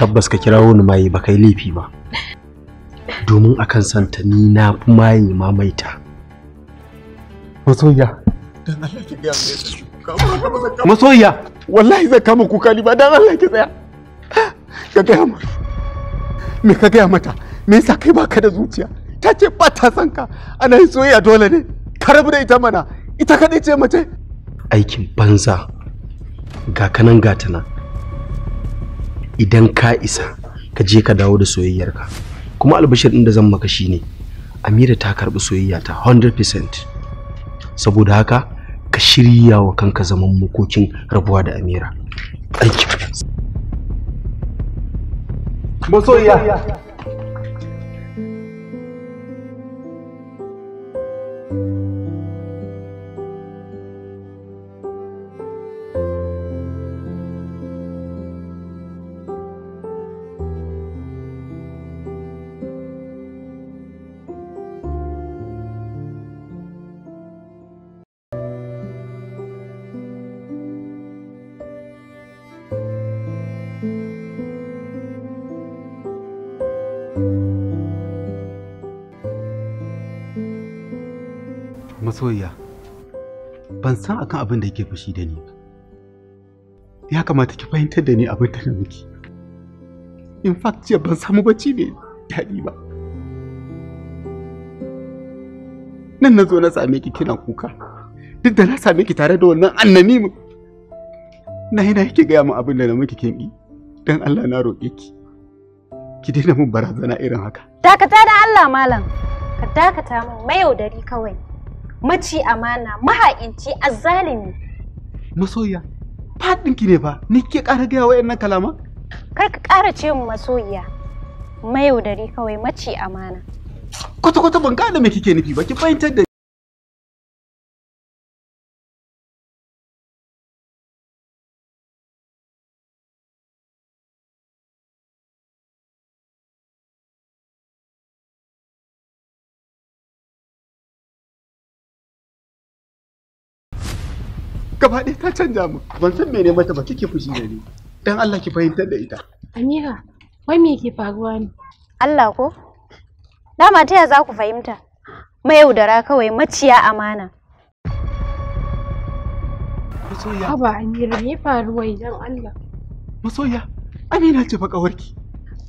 tabbas ka kirawo ni maye ba kai laifi ba domin akan santa ni na fi maye mamaita masoya masoya wallahi zai kama kuka ni ba dan Allah ki tsaya ka ga mata me ka ga mata me yasa kai baka da zuciya ta ce ba ta san ka ana yin soyayya dole ne ka rabu da ita mana ita kadai ce mace aikin banza ga kanan gatana nan idan ka isa ka je ka dawo da soyayyar ka kuma albashir ɗin da zan maka shine amira ta karbi soyayya ta 100% saboda haka ka shirya wa kanka zaman makokin rabuwa da amira aiki soyayya masoyiya ban san akan abin da yake fushi da ni ya kamata ki fahimtar da ni abin da na miki in fact jiya ban samu bacci ne daɗi ba nan na zo na same ki kina kuka duk da na same ki tare da wannan annani mu na yi na yake gaya min abin da na miki kin yi don allah na roƙe ki ki daina mun barazana irin haka dakata da Allah malam ka dakata mun mayaudari kawai maci amana maha'inci azzalimi masoyiya faɗinki ne fa ni ke ƙara gaya wa'annan kalama kar ka ƙara ce mu masoyiya mayaudari kawai maci amana kwata-kwata ban gane me kike nufi ba ki fahimtar da gaba ɗaya ta canja mu ban san mene mata ba kike fushi da ni dan Allah ki fahimtar da ita Amira wai me ke faruwa ne Allah ko dama ta za ku fahimta mayaudara kawai maciya amana masoya haba Amira me faruwa idan Allah masoya Amina ce fa kawarki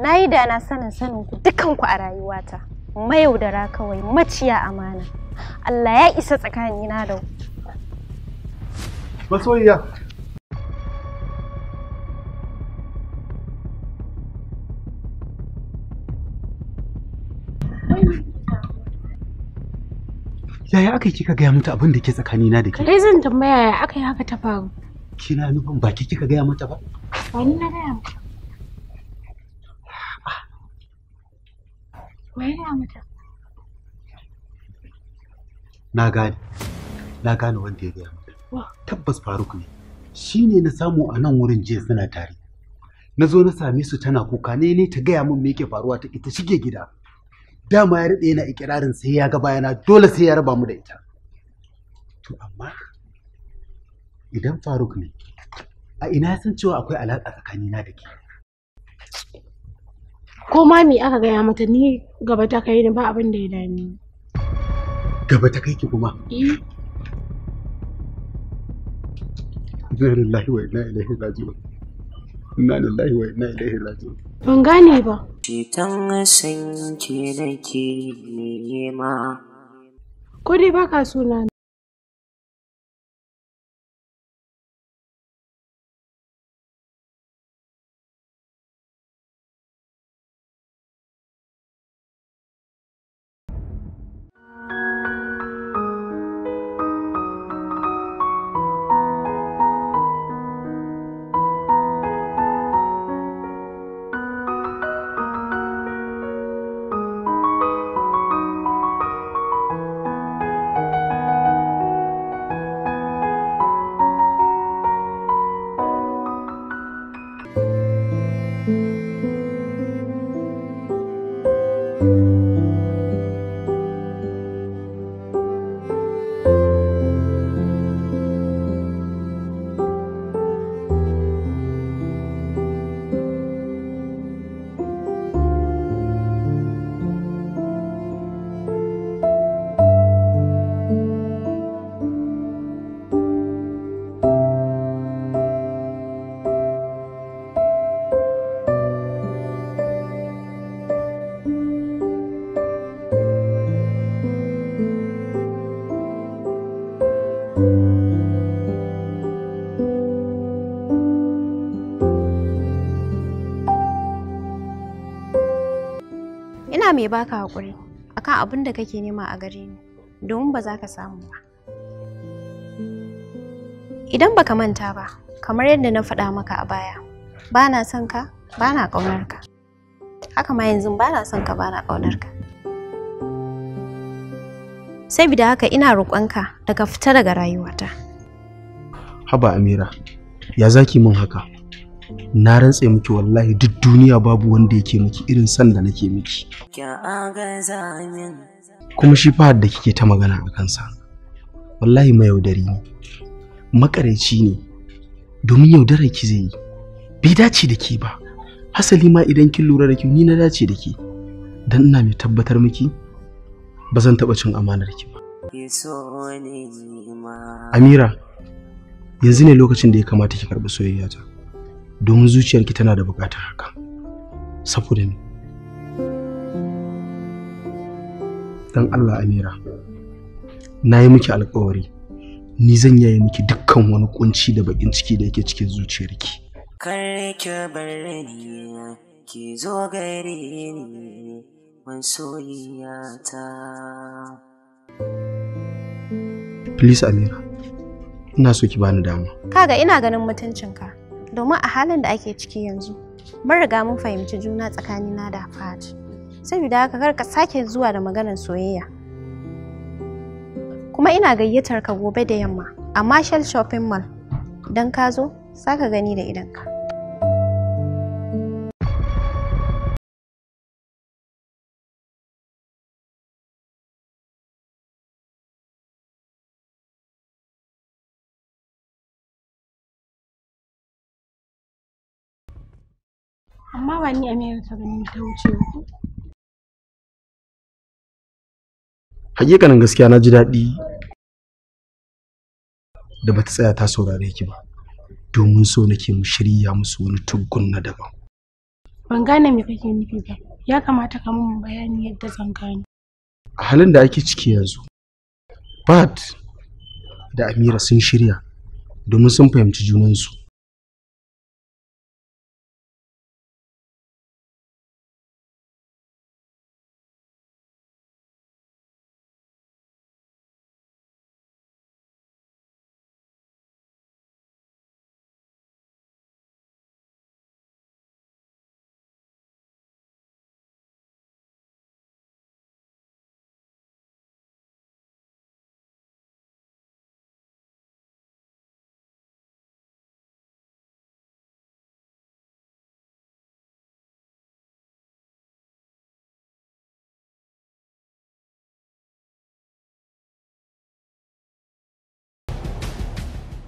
na yi da na sanin sanin ku dukanku a rayuwata mayaudara kawai maciya amana Allah ya isa tsakanina da ku masoyiya yaya aka yi kika gaya mata abin da ke tsakanina da ke? Dai zan tambaya yaya aka yi haka ta faru. Kina nufin ba ki kika gaya mata ba? Ba na gaya mata. Wa ya mata? Na gane. Na gane wanda ya gaya mata. tabbas faruk ne shi ne na samu a nan wurin jiya suna tare na zo na same su tana kuka ne ne ta gaya min me yake faruwa ta ita shige gida dama ya daɗe yana ikirarin sai ya ga bayana dole sai ya raba mu da ita to amma idan faruk ne a ina san cewa akwai alaƙa tsakanina da ke ko ma me aka gaya mata ni gaba ta kai ni ba abin da ya dani gaba ta kai ki kuma eh. inna lillahi wa inna ilaihi raji'un inna lillahi wa inna ilaihi raji'un ban gane ba ceton san ke nake nema ko dai baka suna Thank you. mai baka hakuri akan abin da kake nema a gare ni domin ba za ka samu ba idan ba ka manta ba kamar yadda na faɗa maka a baya ba na son ka ba na ƙaunar ka haka ma yanzu ba na son ka ba na ƙaunar ka da haka ina roƙonka da ka fita daga rayuwata haba amira ya zaki min haka na rantse miki wallahi duk duniya babu wanda yake miki irin san da nake miki kuma shi fa da kike ta magana a kansa wallahi mai yaudari ne makareci ne domin yaudarar ki zai yi bai dace da ke ba hasali ma idan kin lura da ki ni na dace da ke dan ina mai tabbatar miki ba zan taɓa cin amanar ki ba amira yanzu ne lokacin da ya kamata ki soyayya ta. domin zuciyarki tana da bukatar haka saboda ni dan Allah Amira na yi miki alkawari ni zan yaye miki dukkan wani kunci da bakin ciki da yake cikin zuciyarki karki ki bar ni ki zo gare ni ta. please Amira ina so ki bani dama kaga ina ganin mutuncinka domin a halin da ake ciki yanzu mun riga mun fahimci juna tsakanina da Fahad saboda haka kar ka sake zuwa da maganar soyayya kuma ina gayyatar ka gobe da yamma a Marshall Shopping Mall don ka zo saka gani da idanka. amma ba ni Amira ta gani ta wuce ku hakikanin gaskiya na ji daɗi da bata tsaya ta saurare ki ba domin so nake mu shirya musu wani tuggun na daban ban gane me kake nufi ba ya kamata ka mun bayani yadda zan gane a halin da ake ciki yanzu Bat da Amira sun shirya domin sun fahimci junansu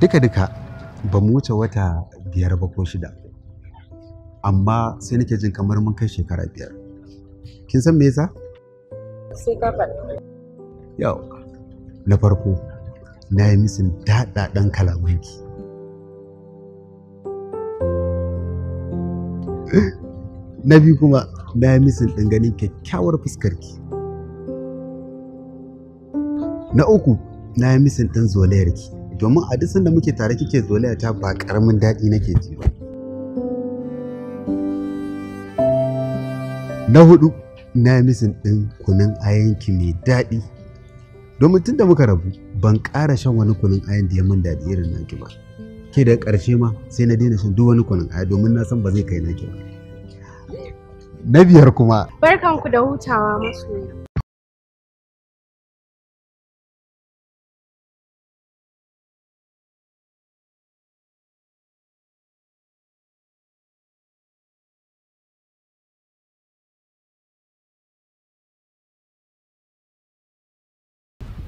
duka-duka ba mu wuce wata biyar ba ko shida amma sai nake jin kamar mun kai shekara biyar kin san me yasa sai ka yau na farko na yi misin daɗaɗen kalamanki na biyu kuma na yi misin ɗin ganin kyakkyawar fuskarki na uku na yi misin ɗin zolayarki domin a duk sanda muke tare kike zolaya ta ba karamin daɗi nake ji ba na hudu na misin ɗin kunun ayanki mai daɗi domin tun da muka rabu ban ƙara shan wani kunun ayan da ya min daɗi irin naki ba ke da ƙarshe ma sai na daina shan duk wani kunun aya domin na san ba zai kai naki ba na biyar kuma barkanku da hutawa masoya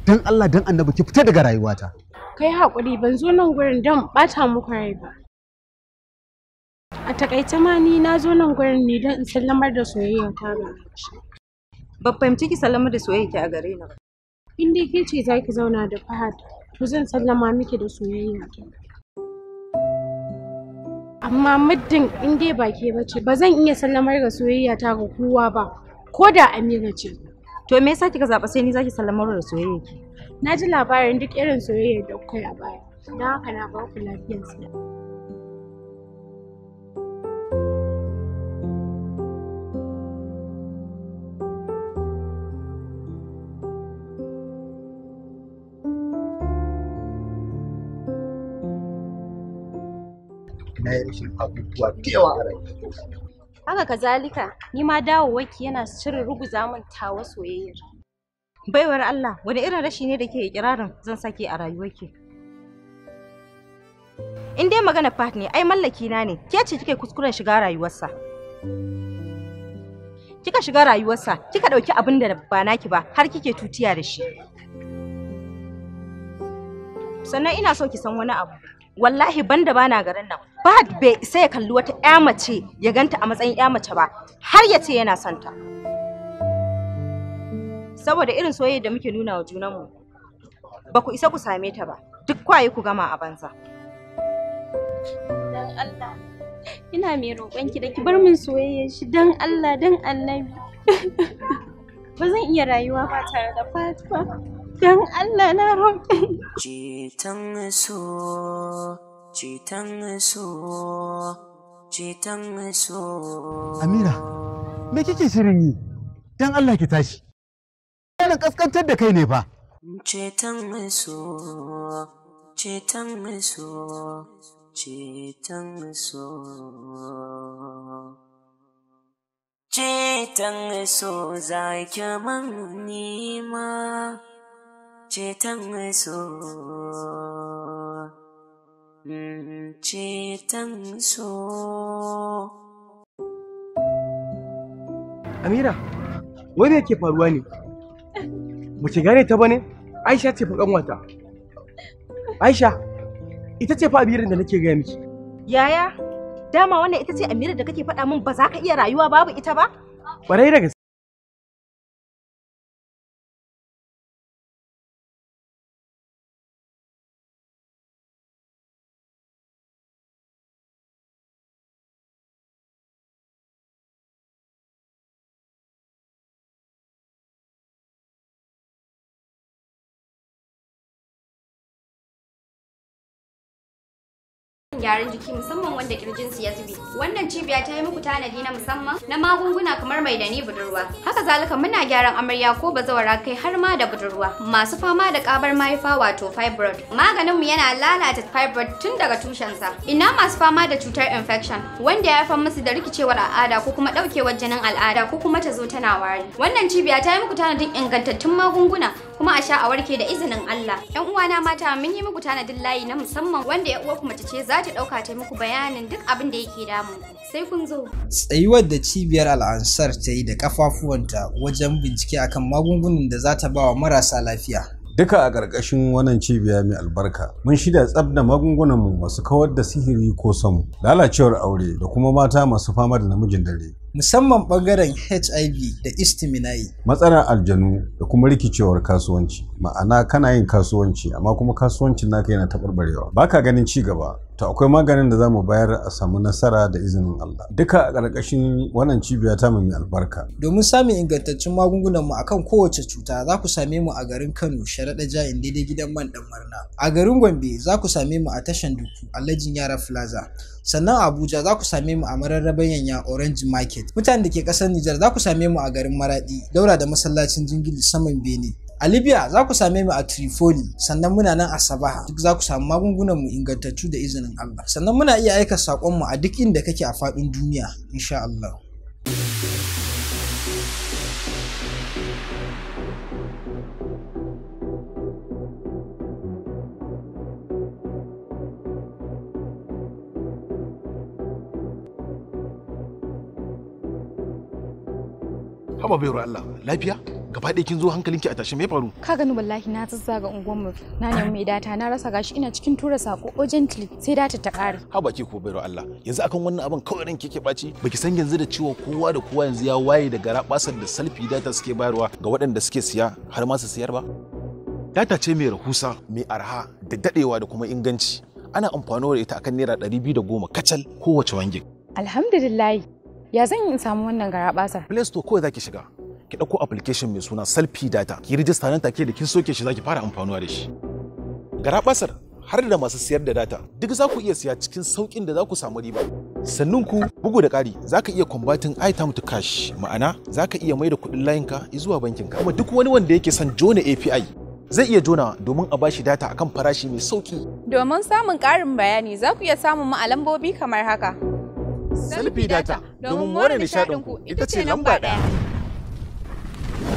dan Allah dan annabi ki fita daga rayuwata kai hakuri ban zo nan gurin dan bata muku rai ba a takaice ma ni na zo nan gurin ne dan in sallamar da soyayya ta ga ba fahimci ki sallamar da soyayya ki a gare ni ba in dai ke ce zaki zauna da Fahad to zan sallama miki da soyayya ta amma muddin in dai ba ke bace ba zan iya sallamar da soyayya ta ga kowa ba ko da Amira ce to me yasa kika zaba sai ni zaki sallamaru da soyayya ki na ji labarin duk irin soyayya da kuka a baya don haka na ba ku lafiyar sai na yi rashin abubuwa da yawa a rayuwa haka kazalika ni ma dawowarki yana shirin ruguza min tawa soyayyar baiwar Allah wani irin rashi ne da ke ikirarin zan sake a rayuwarki in dai magana Fat ne ai mallaki na ne ke ce kike kuskuren shiga rayuwarsa kika shiga rayuwarsa kika dauki abin da ba naki ba har kike tutiya da shi sannan ina so ki san wani abu wallahi banda bana garin nan ba bai isa ya kalli wata ƴa mace ya ganta a matsayin ƴa mace ba har ya ce yana son ta saboda irin soyayya da muke nuna wa junanmu ba ku isa ku same ta ba duk kwaye ku gama a banza dan Allah ina mai roƙon ki da ki bar min soyayya shi dan Allah dan Annabi ba zan iya rayuwa ba tare da Fatima don Allah na roƙe ceton so ceton so ceton so amira me kike shirin yi don Allah ki tashi Yana kaskantar da kai ne fa ceton so ceton so ceton so ceton so za ki man nima ceton so ceton so Amira wai yake faruwa ne mace gane ta bane Aisha ce fa kanwata Aisha ita ce fa Amira da nake gaya miki yaya dama wannan ita ce Amira da kake faɗa min ba za ka iya rayuwa babu ita ba Ƙwarai da gyaran jiki musamman wanda su ya zube. Wannan cibiya ta yi muku tanadi na musamman na magunguna kamar mai dani budurwa. Haka zalika muna gyaran amarya ko bazawara kai har ma da budurwa. Masu fama da kabar mahaifa wato fibroid. Maganinmu yana lalata fibroid tun daga tushensa. Ina masu fama da cutar infection wanda ya fa musu da rikicewar al'ada ko kuma daukewar jinin al'ada ko kuma ta zo tana wari. Wannan cibiya ta yi muku tanadin ingantattun magunguna kuma a sha a warke da izinin Allah. 'Yan uwana mata mun yi muku tanadin layi na musamman wanda ya uwa kuma ce za ta ta dauka ta muku bayanin duk abin da yake ku sai kun zo. Tsayuwar da cibiyar al'ansar ta yi da kafafuwanta wajen bincike akan magungunan da za ta ba wa marasa lafiya duka a ƙarƙashin wannan cibiya mai albarka mun shirya tsab da magungunanmu masu kawar da sihiri ko samu lalacewar aure da kuma mata masu fama da namijin dare musamman ɓangaren hiv da istiminai matsalar aljanu da kuma rikicewar kasuwanci ma'ana kana yin kasuwanci amma kuma kasuwancin naka yana taɓarɓarewa baka ganin ci gaba to akwai maganin da za mu bayar a samu nasara da izinin Allah duka a ƙarƙashin wannan cibiya ta mai albarka domin samun ingantaccen magungunan mu akan kowace cuta za ku same mu a garin Kano sharaɗa jayin daidai gidan man ɗan marna a garin Gombe za ku same mu a tashan Duku Alhajin Yara Plaza sannan Abuja za ku same mu a mararraban yanya Orange Market mutanen da ke ƙasar Nijar za ku same mu a garin Maraɗi daura da masallacin Jingili saman Bene A Libya za ku same mu a Tripoli, sannan muna nan a Sabaha, duk za ku samu magungunan mu ingantattu da izinin Allah. Sannan muna iya aika saƙon mu a duk inda kake a faɗin duniya, insha Allah. Haba Allah, lafiya? gaba ɗaya kin zo hankalinki a tashi me faru ka gani wallahi na zazzaga mu na nemi mai data na rasa gashi ina cikin tura sako urgently sai data ta ƙare ha baki ko bayar Allah yanzu akan wannan abin kawai ran kike baci baki san yanzu da cewa kowa da kowa yanzu ya waye da garabasar da salfi data suke bayarwa ga waɗanda suke siya har ma su siyar ba data ce mai rahusa mai arha da dadewa da kuma inganci ana amfani da ita akan naira ɗari biyu 210 kacal kowace wangin alhamdulillah ya zan yi in samu wannan garabasa play store kawai zaki shiga ki ɗauko application mai suna selfie data ki rijista nan take da kin soke shi zaki fara amfanuwa da shi garabasar har da masu siyar da data duk za ku iya siya cikin sauƙin da za ku samu riba sannan ku bugu da ƙari za ka iya combating item to cash ma'ana za ka iya maida kuɗin layinka zuwa bankinka kuma duk wani wanda yake son jona api zai iya jona domin a bashi data akan farashi mai sauƙi domin samun ƙarin bayani za ku iya samun mu a lambobi kamar haka selfie data domin more ku, ita ce lamba ɗaya